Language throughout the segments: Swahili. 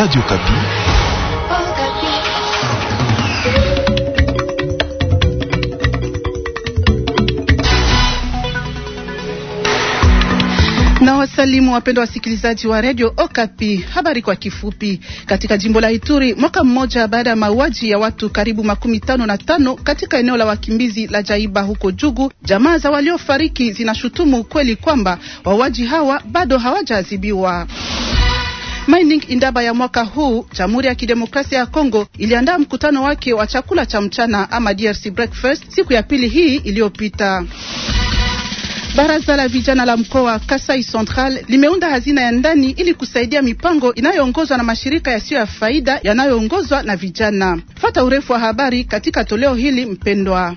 Radio Kapi. Na wapendwa wasikilizaji wa Radio Okapi. Habari kwa kifupi. Katika jimbo la Ituri, mwaka mmoja baada ya mauaji ya watu karibu makumi tano na tano katika eneo la wakimbizi la Jaiba huko Jugu, jamaa za waliofariki zinashutumu ukweli kwamba wauaji hawa bado hawajaadhibiwa. Mining Indaba ya mwaka huu, Jamhuri ya Kidemokrasia ya Kongo iliandaa mkutano wake wa chakula cha mchana ama DRC breakfast siku ya pili hii iliyopita. Baraza la vijana la mkoa wa Kasai Central limeunda hazina ya ndani ili kusaidia mipango inayoongozwa na mashirika yasiyo ya faida yanayoongozwa na vijana. Fata urefu wa habari katika toleo hili mpendwa.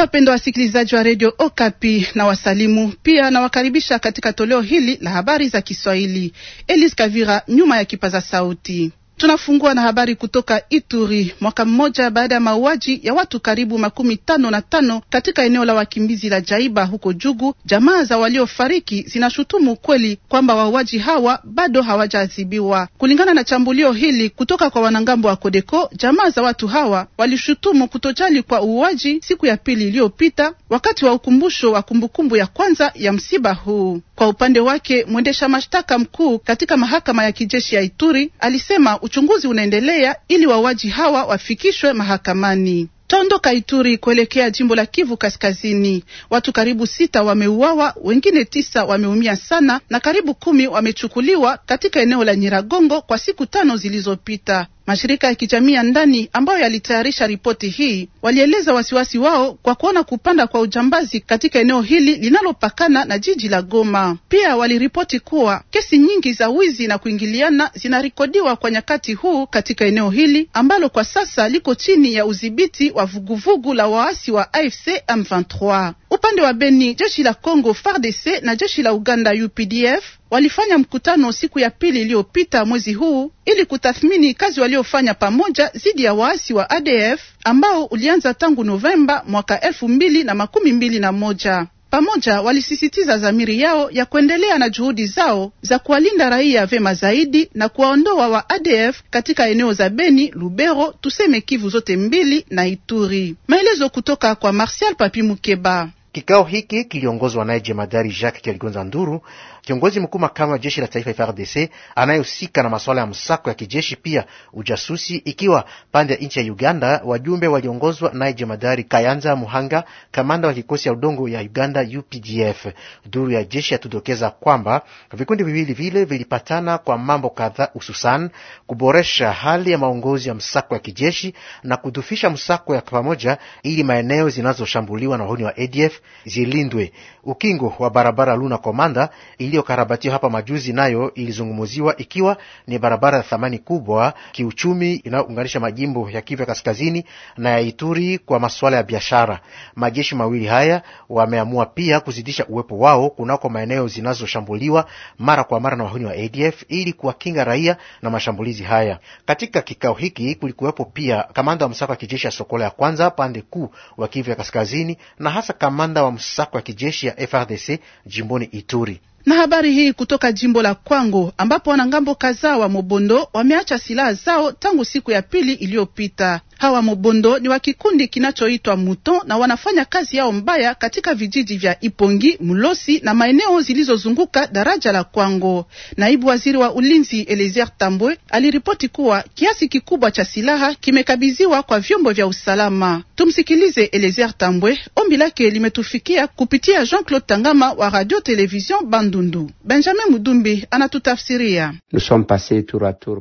Wapendwa wasikilizaji wa redio Okapi na wasalimu pia, nawakaribisha katika toleo hili la habari za Kiswahili. Elise Kavira nyuma ya kipaza sauti. Tunafungua na habari kutoka Ituri. Mwaka mmoja baada ya mauaji ya watu karibu makumi tano na tano katika eneo la wakimbizi la Jaiba huko Jugu, jamaa za waliofariki zinashutumu kweli kwamba wauaji hawa bado hawajaadhibiwa. Kulingana na chambulio hili kutoka kwa wanangambo wa Kodeko, jamaa za watu hawa walishutumu kutojali kwa uuaji siku ya pili iliyopita, wakati wa ukumbusho wa kumbukumbu ya kwanza ya msiba huu. Kwa upande wake, mwendesha mashtaka mkuu katika mahakama ya kijeshi ya Ituri alisema uchunguzi unaendelea ili wauaji hawa wafikishwe mahakamani. Tondo Kaituri kuelekea jimbo la Kivu Kaskazini, watu karibu sita wameuawa, wengine tisa wameumia sana na karibu kumi wamechukuliwa katika eneo la Nyiragongo kwa siku tano zilizopita. Mashirika ya kijamii ya ndani ambayo yalitayarisha ripoti hii walieleza wasiwasi wao kwa kuona kupanda kwa ujambazi katika eneo hili linalopakana na jiji la Goma. Pia waliripoti kuwa kesi nyingi za wizi na kuingiliana zinarekodiwa kwa nyakati huu katika eneo hili ambalo kwa sasa liko chini ya udhibiti wa vuguvugu la waasi wa AFC M23. Upande wa Beni, jeshi la Congo FARDC na jeshi la Uganda UPDF walifanya mkutano siku ya pili iliyopita mwezi huu ili kutathmini kazi waliofanya pamoja dhidi ya waasi wa ADF ambao ulianza tangu Novemba mwaka elfu mbili na makumi mbili na moja. Pamoja walisisitiza dhamiri yao ya kuendelea na juhudi zao za kuwalinda raia vema zaidi na kuwaondoa wa ADF katika eneo za Beni, Lubero, tuseme Kivu zote mbili na Ituri. Maelezo kutoka kwa Martial Papi Mukeba. Kikao hiki kiliongozwa naye jemadari Jacques Kaligonza Nduru Kiongozi mkuu makamu wa jeshi la taifa FRDC anayehusika na masuala ya msako ya kijeshi pia ujasusi, ikiwa pande ya nchi ya Uganda, wajumbe waliongozwa naye jemadari Kayanza Muhanga, kamanda wa kikosi ya udongo ya Uganda UPDF. Duru ya jeshi yatudokeza kwamba vikundi viwili vile vilipatana kwa mambo kadhaa, hususan kuboresha hali ya maongozi ya msako ya kijeshi na kudhufisha msako ya pamoja, ili maeneo zinazoshambuliwa na wahuni wa ADF zilindwe. Ukingo wa barabara Luna Komanda ili iliyokarabatiwa hapa majuzi nayo ilizungumziwa ikiwa ni barabara ya thamani kubwa kiuchumi inayounganisha majimbo ya Kivu ya kaskazini na ya Ituri kwa masuala ya biashara. Majeshi mawili haya wameamua pia kuzidisha uwepo wao kunako maeneo zinazoshambuliwa mara kwa mara na wahuni wa ADF ili kuwakinga raia na mashambulizi haya. Katika kikao hiki kulikuwepo pia kamanda wa msako wa kijeshi ya Sokola ya kwanza pande kuu wa Kivu ya kaskazini na hasa kamanda wa msako wa kijeshi ya FRDC jimboni Ituri. Na habari hii kutoka jimbo la Kwango ambapo wanangambo kadhaa wa Mobondo wameacha silaha zao tangu siku ya pili iliyopita. Hawa Mobondo ni wa kikundi kinachoitwa Muto na wanafanya kazi yao mbaya katika vijiji vya Ipongi, Mulosi na maeneo zilizozunguka daraja la Kwango. Naibu waziri wa ulinzi elizer Tambwe aliripoti kuwa kiasi kikubwa cha silaha kimekabidhiwa kwa vyombo vya usalama. Tumsikilize elizer Tambwe, ombi lake limetufikia kupitia Jean Claude Tangama wa Radio Television Bandundu. Benjamin Mudumbi anatutafsiria.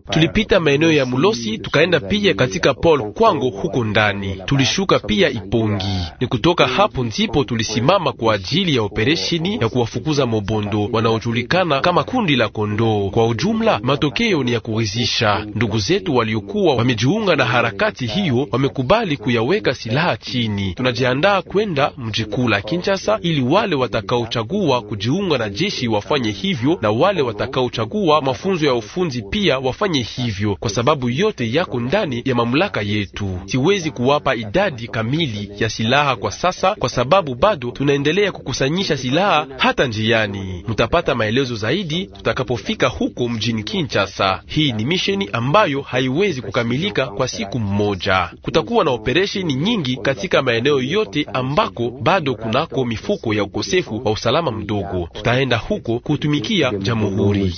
Tulipita maeneo ya Mulosi tukaenda pia katika Paul wangu huko ndani. Tulishuka pia Ipongi. Ni kutoka hapo ndipo tulisimama kwa ajili ya operesheni ya kuwafukuza mobondo wanaojulikana kama kundi la kondoo. Kwa ujumla, matokeo ni ya kuridhisha. Ndugu zetu waliokuwa wamejiunga na harakati hiyo wamekubali kuyaweka silaha chini. Tunajiandaa kwenda mji kuu la Kinshasa ili wale watakaochagua kujiunga na jeshi wafanye hivyo, na wale watakaochagua mafunzo ya ufunzi pia wafanye hivyo, kwa sababu yote yako ndani ya mamlaka yetu yetu. Siwezi kuwapa idadi kamili ya silaha kwa sasa, kwa sababu bado tunaendelea kukusanyisha silaha hata njiani. Mtapata maelezo zaidi tutakapofika huko mjini Kinshasa. Hii ni misheni ambayo haiwezi kukamilika kwa siku mmoja. Kutakuwa na operesheni nyingi katika maeneo yote ambako bado kunako mifuko ya ukosefu wa usalama mdogo. Tutaenda huko kutumikia jamhuri.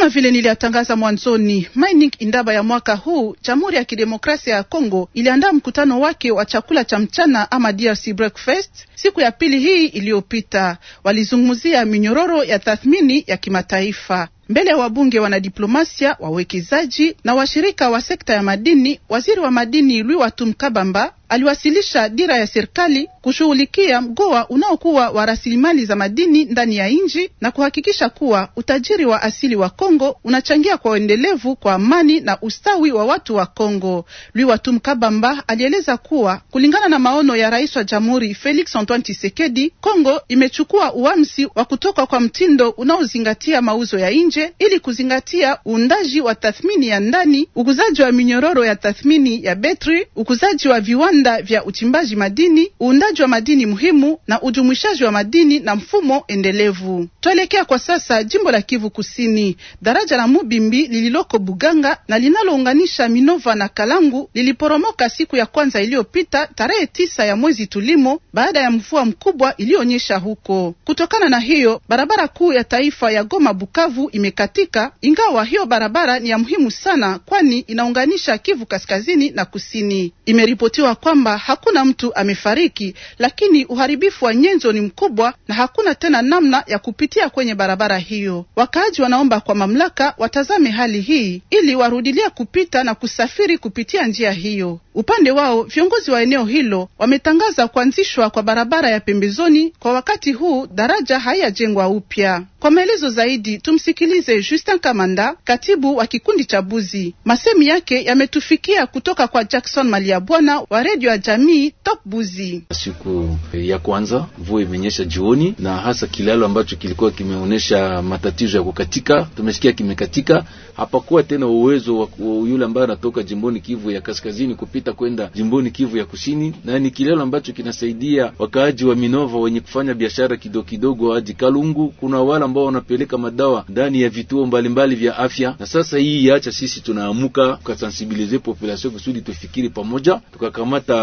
Kama vile niliyatangaza mwanzoni, Mining Indaba ya mwaka huu, Jamhuri ya Kidemokrasia ya Kongo iliandaa mkutano wake wa chakula cha mchana ama DRC breakfast siku ya pili hii iliyopita. Walizungumzia minyororo ya tathmini ya kimataifa mbele ya wabunge, wanadiplomasia, wawekezaji na washirika wa sekta ya madini. Waziri wa madini Louis Watum Kabamba aliwasilisha dira ya serikali kushughulikia mgoa unaokuwa wa rasilimali za madini ndani ya nchi na kuhakikisha kuwa utajiri wa asili wa Kongo unachangia kwa uendelevu kwa amani na ustawi wa watu wa Kongo. Lwiwatum Kabamba alieleza kuwa kulingana na maono ya rais wa jamhuri Felix Antoine Tshisekedi, Kongo imechukua uamsi wa kutoka kwa mtindo unaozingatia mauzo ya nje ili kuzingatia uundaji wa tathmini ya ndani, ukuzaji wa minyororo ya tathmini ya betri, ukuzaji wa viwanda viwanda vya uchimbaji madini, uundaji wa madini muhimu na ujumuishaji wa madini na mfumo endelevu. Tuelekea kwa sasa jimbo la Kivu Kusini. Daraja la Mubimbi lililoko Buganga na linalounganisha Minova na Kalangu liliporomoka siku ya kwanza iliyopita tarehe tisa ya mwezi tulimo, baada ya mvua mkubwa iliyonyesha huko. Kutokana na hiyo, barabara kuu ya taifa ya Goma Bukavu imekatika, ingawa hiyo barabara ni ya muhimu sana, kwani inaunganisha Kivu Kaskazini na Kusini. Imeripotiwa kwa kwamba hakuna mtu amefariki, lakini uharibifu wa nyenzo ni mkubwa na hakuna tena namna ya kupitia kwenye barabara hiyo. Wakaaji wanaomba kwa mamlaka watazame hali hii ili warudilia kupita na kusafiri kupitia njia hiyo. Upande wao viongozi wa eneo hilo wametangaza kuanzishwa kwa barabara ya pembezoni. Kwa wakati huu daraja hayajengwa upya. Kwa maelezo zaidi, tumsikilize Justin Kamanda, katibu wa kikundi cha Buzi. Masemi yake yametufikia kutoka kwa Jackson Maliabwana wa redio ya jamii Top Buzi. Siku ya kwanza mvua imenyesha jioni, na hasa kilalo ambacho kilikuwa kimeonyesha matatizo ya kukatika, tumesikia kimekatika. Hapakuwa tena uwezo wa yule ambaye anatoka jimboni Kivu ya kaskazini kupita kwenda jimboni Kivu ya Kusini, na ni kilelo ambacho kinasaidia wakaaji wa Minova wenye kufanya biashara kidogo kidogo hadi Kalungu. Kuna wale ambao wanapeleka madawa ndani ya vituo mbalimbali vya afya, na sasa hii yaacha sisi tunaamuka tukasensibilize population kusudi tufikiri pamoja, tukakamata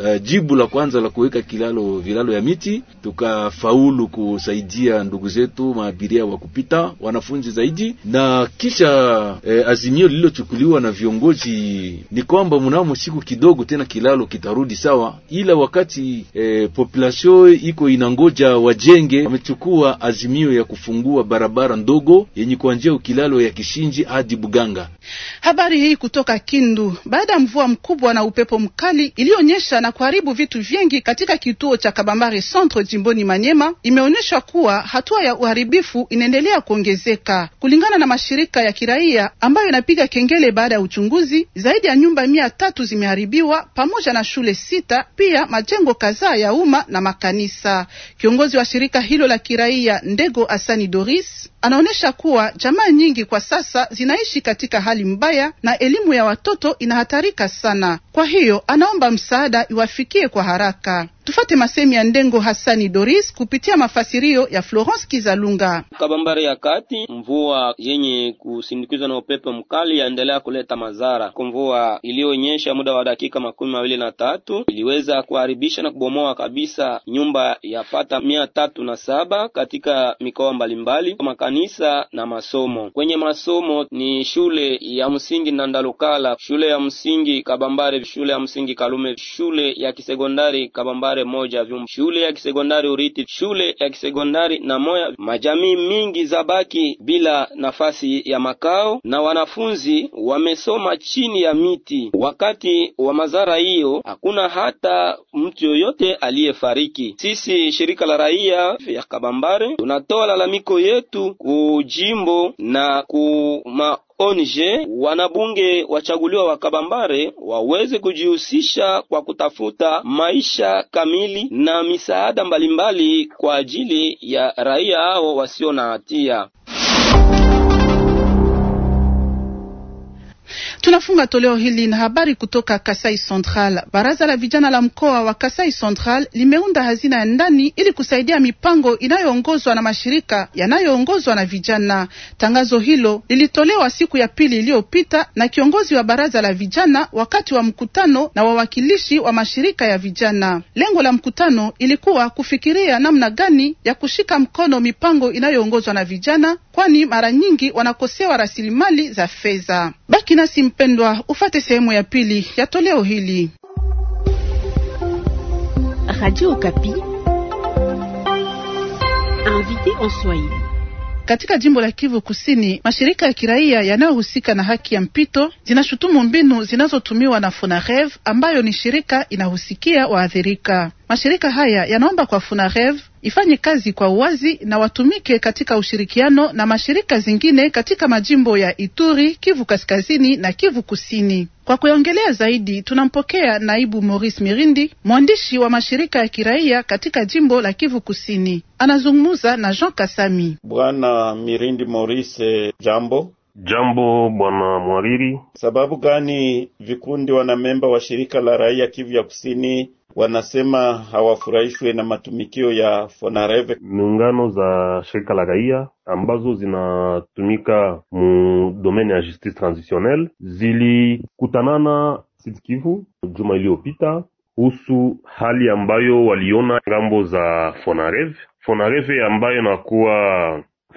uh, jibu la kwanza la kuweka kilalo vilalo ya miti, tukafaulu kusaidia ndugu zetu maabiria wa kupita, wanafunzi zaidi, na kisha eh, azimio lililochukuliwa na viongozi ni kwamba mnamo siku kidogo tena kilalo kitarudi sawa, ila wakati eh, population iko inangoja wajenge, wamechukua azimio ya kufungua barabara ndogo yenye kuanzia ukilalo ya Kishinji hadi Buganga. Habari hii kutoka Kindu baada ya mvua mkubwa na upepo mkali iliyoonyesha na kuharibu vitu vingi katika kituo cha Kabambare Centre jimboni Manyema, imeonyesha kuwa hatua ya uharibifu inaendelea kuongezeka kulingana na mashirika ya kiraia ambayo inapiga kengele baada ya uchunguzi zaidi ya nyumba mia tatu zimeharibiwa pamoja na shule sita, pia majengo kadhaa ya umma na makanisa. Kiongozi wa shirika hilo la kiraia Ndego Asani Doris anaonyesha kuwa jamaa nyingi kwa sasa zinaishi katika hali mbaya na elimu ya watoto inahatarika sana. Kwa hiyo anaomba msaada iwafikie kwa haraka. Tufate masemi ya Ndengo Hassani Doris kupitia mafasirio ya Florence Kizalunga. Kabambari ya kati, mvua yenye kusindikizwa na upepo mkali yaendelea kuleta madhara. Mvua iliyonyesha muda wa dakika makumi mawili na tatu iliweza kuharibisha na kubomoa kabisa nyumba ya pata mia tatu na saba katika mikoa mbalimbali, makanisa na masomo. Kwenye masomo ni shule ya msingi Nandalukala, shule ya msingi Kabambari, shule ya msingi Kalume, shule ya kisekondari Kabambari sekondari moja vyum, shule ya kisekondari Uriti, shule ya kisekondari na moya. Majamii mingi zabaki bila nafasi ya makao na wanafunzi wamesoma chini ya miti. Wakati wa madhara hiyo hakuna hata mtu yoyote aliyefariki. Sisi shirika la raia ya Kabambare tunatoa lalamiko yetu kujimbo na kuma onje wanabunge wachaguliwa wa Kabambare waweze kujihusisha kwa kutafuta maisha kamili na misaada mbalimbali kwa ajili ya raia hao wasio na hatia. Tunafunga toleo hili na habari kutoka Kasai Central. Baraza la vijana la mkoa wa Kasai Central limeunda hazina ya ndani ili kusaidia mipango inayoongozwa na mashirika yanayoongozwa na vijana. Tangazo hilo lilitolewa siku ya pili iliyopita na kiongozi wa baraza la vijana wakati wa mkutano na wawakilishi wa mashirika ya vijana. Lengo la mkutano ilikuwa kufikiria namna gani ya kushika mkono mipango inayoongozwa na vijana, kwani mara nyingi wanakosewa rasilimali za fedha. Baki nasi mpendwa, ufate sehemu ya pili ya toleo hili. Radio Okapi invité en Swahili. Katika jimbo la Kivu Kusini, mashirika ya kiraia yanayohusika na haki ya mpito zinashutumu mbinu zinazotumiwa na FUNAREV ambayo ni shirika inahusikia waathirika. Mashirika haya yanaomba kwa FUNAREV ifanye kazi kwa uwazi na watumike katika ushirikiano na mashirika zingine katika majimbo ya Ituri, Kivu Kaskazini na Kivu Kusini. Kwa kuongelea zaidi tunampokea naibu Maurice Mirindi, mwandishi wa mashirika ya kiraia katika jimbo la Kivu Kusini. Anazungumza na Jean Kasami. Bwana Mirindi Maurice, jambo. Jambo bwana Mwariri. Sababu gani vikundi wanamemba wa shirika la raia Kivu ya Kusini wanasema hawafurahishwe na matumikio ya Fonareve. Muungano za shirika la raia ambazo zinatumika mu domene ya justice transitionnelle zilikutanana Sud-Kivu juma iliyopita kuhusu hali ambayo waliona ngambo za Fonareve, Fonareve ambayo inakuwa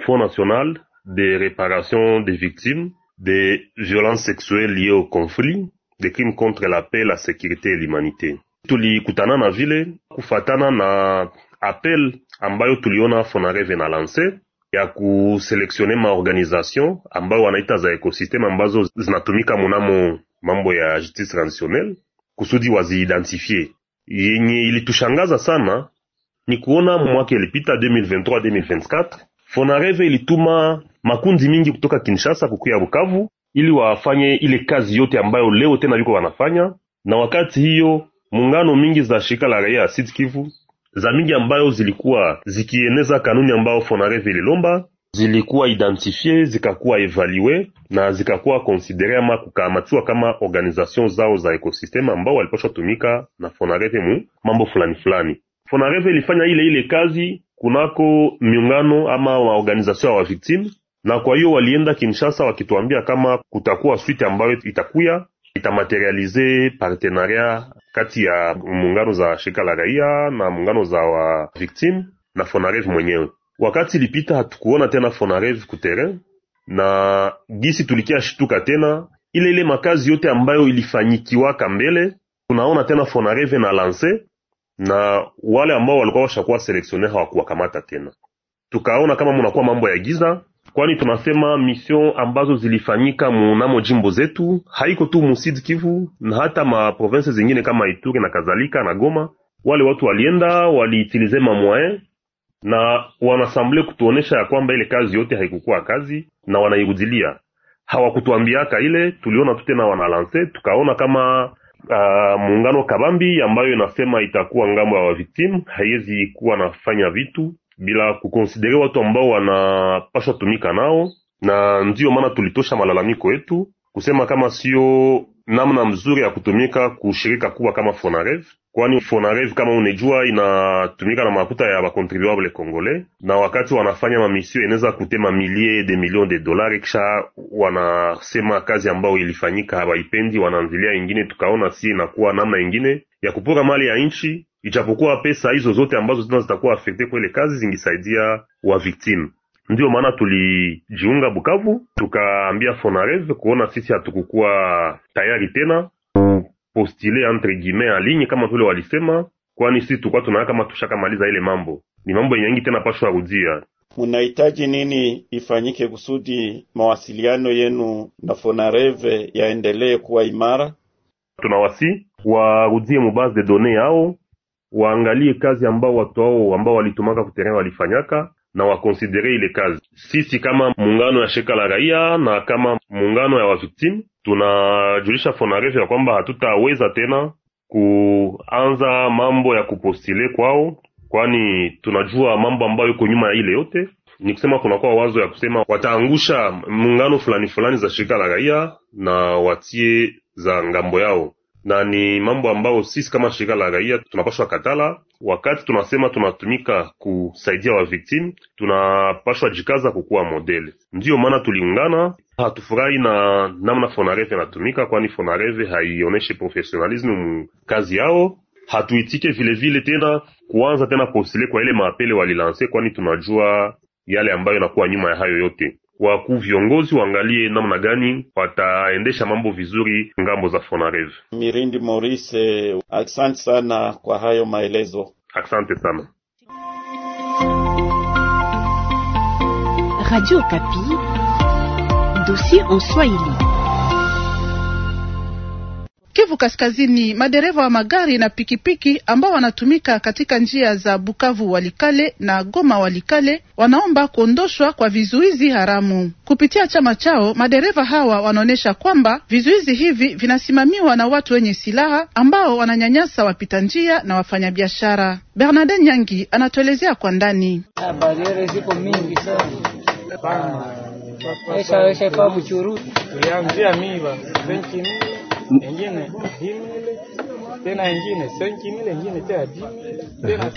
fonds National de Reparation des Victimes de Violences Sexuelles liées au conflit de crimes contre la paix, la sécurité et l'humanité Tulikutana na vile kufatana na appel ambayo tuliona Fonareve na lance ya kuselektione maorganization ambayo wanaita za ekosystem ambazo zinatumika munamo mambo ya justice traditionnelle kusudi waziidentifie. Yenye ilitushangaza sana ni kuona mwaka ilipita 2023 2024 Fonareve ilituma makundi mingi kutoka Kinshasa kukuya Bukavu ili wafanye ile kazi yote ambayo leo tena yuko wanafanya, na wakati hiyo muungano mingi za shirika la raia ya Sud Kivu za mingi ambayo zilikuwa zikieneza kanuni ambayo Fonareve ililomba zilikuwa identifie zikakuwa evalue na zikakuwa konsidere ama kukamatiwa kama organization zao za ekosistema ambao walipaswa tumika na Fonareve mu mambo fulani fulani. Fonareve ilifanya ile ile kazi kunako miungano ama waorganization wa victime, na kwa hiyo walienda Kinshasa wakituambia kama kutakuwa suite ambayo itakuya itamaterialize partenariat kati ya muungano za shirika la raia na muungano za wa victime na Fonareve mwenyewe. Wakati ilipita hatukuona tena Fonareve kutere na gisi tulikia shituka tena ile ile makazi yote ambayo ilifanyikiwaka mbele, tunaona tena Fonareve na lance na wale ambao walikuwa washakuwa seleksioner hawakuwakamata tena. Tukaona kama munakuwa mambo ya giza kwani tunasema mission ambazo zilifanyika munamo jimbo zetu haiko tu Musud Kivu na hata maprovince zingine kama Ituri na kadhalika na Goma. Wale watu walienda waliitilize mamwae na wanasamble kutuonesha ya kwamba ile kazi yote haikukuwa kazi na wanairudilia. Hawakutuambiaka ile, tuliona tu tena wanalanse, tukaona kama Uh, muungano kabambi ambayo inasema itakuwa ngambo ya wavictimu haiwezi kuwa nafanya vitu bila kukonsidere watu ambao wanapaswa tumika nao, na ndiyo maana tulitosha malalamiko yetu kusema kama sio namna mzuri ya kutumika kushirika kubwa kama Fonareve, kwani Fonareve kama unejua inatumika na makuta ya bakontribuable congolais, na wakati wanafanya mamisio inaweza kutema milie de million de dollars, kisha wanasema kazi ambayo ilifanyika hawaipendi, wanaanzilia ingine. Tukaona si inakuwa namna ingine ya kupora mali ya nchi, ijapokuwa pesa hizo zote ambazo zina zitakuwa afekte kwa ile kazi zingisaidia wa victime Ndiyo maana tulijiunga Bukavu, tukaambia Sonarez kuona sisi hatukukuwa tayari tena kupostile entre guillemets alinye kama vile walisema, kwani sisi tulikuwa tunaona kama tushakamaliza ile mambo. Ni mambo yenyengi tena pashwa rudia. Munahitaji nini ifanyike kusudi mawasiliano yenu na Fonareve yaendelee kuwa imara? Tunawasi warudie mubase de données yao, waangalie kazi ambao watu hao ambao walitumaka kuterea walifanyaka na wakonsidere ile kazi. Sisi kama muungano ya shirika la raia na kama muungano ya waviktimu tunajulisha Fonaref ya kwamba hatutaweza tena kuanza mambo ya kupostile kwao, kwani tunajua mambo ambayo iko nyuma ya ile yote. Ni kusema kunakuwa wazo ya kusema wataangusha muungano fulani fulani za shirika la raia na watie za ngambo yao na ni mambo ambayo sisi kama shirika la raia tunapashwa katala. Wakati tunasema tunatumika kusaidia wa victim, tunapashwa jikaza kukuwa modele. Ndiyo maana tuliungana, hatufurahi na namna Fonareve inatumika, kwani Fonareve haioneshe profesionalisme mu kazi yao. Hatuitike vilevile tena kuanza tena kuosile kwa ile maapele walilanse, kwani tunajua yale ambayo inakuwa nyuma ya hayo yote wakuu viongozi waangalie namna gani wataendesha mambo vizuri ngambo za Fonarev. Mirindi Maurice, asante sana kwa hayo maelezo. Asante sana. Radio Kapi, dossier en Swahili. Kivu Kaskazini, madereva wa magari na pikipiki ambao wanatumika katika njia za Bukavu Walikale na Goma Walikale wanaomba kuondoshwa kwa vizuizi haramu. Kupitia chama chao, madereva hawa wanaonyesha kwamba vizuizi hivi vinasimamiwa na watu wenye silaha ambao wananyanyasa wapita njia na wafanyabiashara. Bernard Nyangi anatuelezea kwa ndani.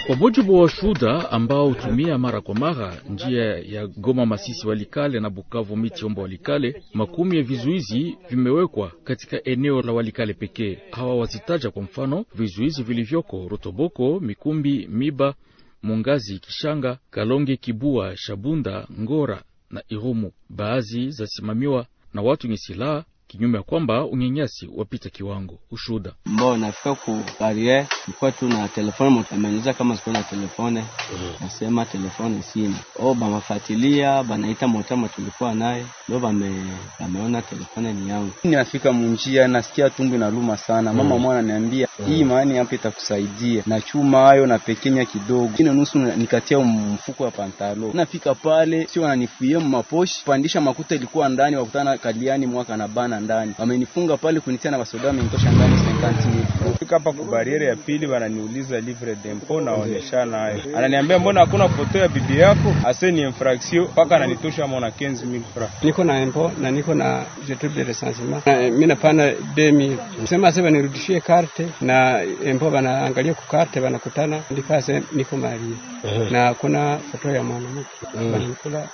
Kwa mujibu wa shuda ambao hutumia mara kwa mara njia ya Goma Masisi Walikale na Bukavu Mityombo Walikale, makumi ya vizuizi vimewekwa katika eneo la Walikale pekee. Hawa wazitaja kwa mfano vizuizi vilivyoko Rotoboko, Mikumbi, Miba, Mungazi, Kishanga, Kalonge, Kibua, Shabunda, Ngora na Irumu. Baadhi zasimamiwa na watu wenye silaha kinyume ya kwamba unyanyasi wapita kiwango. Ushuda mbao nafika ku barriere tu na telefone, ameniuliza kama sikuwa na telefone, mm-hmm. nasema telefone sina. O bamafatilia banaita motama tulikuwa naye ndo bameona telefone ni yangu. Ninafika munjia, nasikia tumbu luma sana, mama mm-hmm. mwana ananiambia mm-hmm. hii maani hapa itakusaidia na chuma hayo na pekenya kidogo ine nusu nikatia mfuko wa pantalo. Nafika pale sio wananifuia mmaposhi pandisha makuta ilikuwa ndani, wakutana kaliani mwaka na bana ndani, wamenifunga pale kunitia na wasoda wamenitosha ndani 50000 fika hapa kwa bariere ya pili, wananiuliza livre na naonyeshana hayo, ananiambia mbona hakuna foto ya bibi yako, ase ni infraction paka ananitosha mwana 15000 francs. Niko na empo na niko na je jetu de recensement, eh, mimi napana 2000 sema sema nirudishie carte na empo, eh, banaangalia ku karte banakutana, ndikase niko mali. Eh. na kuna foto ya mwanamke mm. Nikula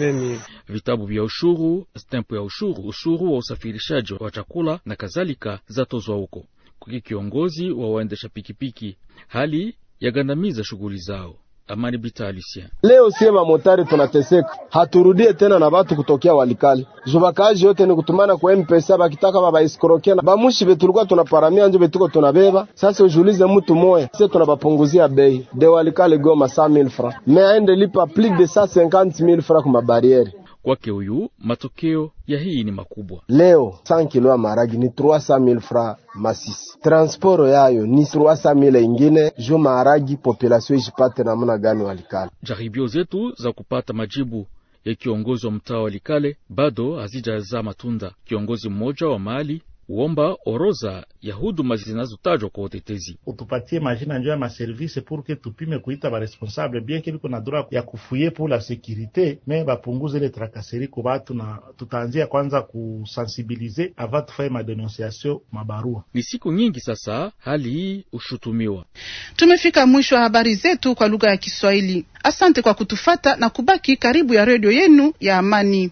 2000 vitabu vya ushuru, stempu ya ushuru, ushuru wa usafirishaji wa chakula na kadhalika zatozwa huko. Kuki kiongozi wa waendesha pikipiki, hali yagandamiza shughuli zao. Amani Bitalisya, leo sie mamotari tunateseka, haturudie tena na batu kutokea Walikali zubakaji yote ni kutumana kwa M-Pesa, bakitaka babaiskorokia na bamushi betulikuwa tunaparamia njo betuko tunabeba. Sasa ujulize mutu moya, sie tunabapunguzia bei de Walikali Goma 100000 francs, me aende lipa plus de 150000 francs ku mabariere kwake huyu matokeo ya hii ni makubwa. Leo 100 kilo ya maragi ni 300000 francs masisi, transporo yayo ni 300000 ingine jo maragi, population ijipate namna gani? Walikale jaribio zetu za kupata majibu ya kiongozi wa mtaa wa Likale bado hazijazaa matunda. Kiongozi mmoja wa mahali kuomba oroza ya huduma zinazotajwa kwa utetezi. Utupatie majina njo ya maservise purke tupime kuita baresponsable bienke biko na dura ya kufuye pour la sekurite me bapunguze ile trakaseri ku batu, na tutaanzia kwanza kusensibilize ava tufaye madenonciation mabarua. Ni siku nyingi sasa hali hii ushutumiwa. Tumefika mwisho wa habari zetu kwa lugha ya Kiswahili. Asante kwa kutufata na kubaki karibu ya redio yenu ya Amani.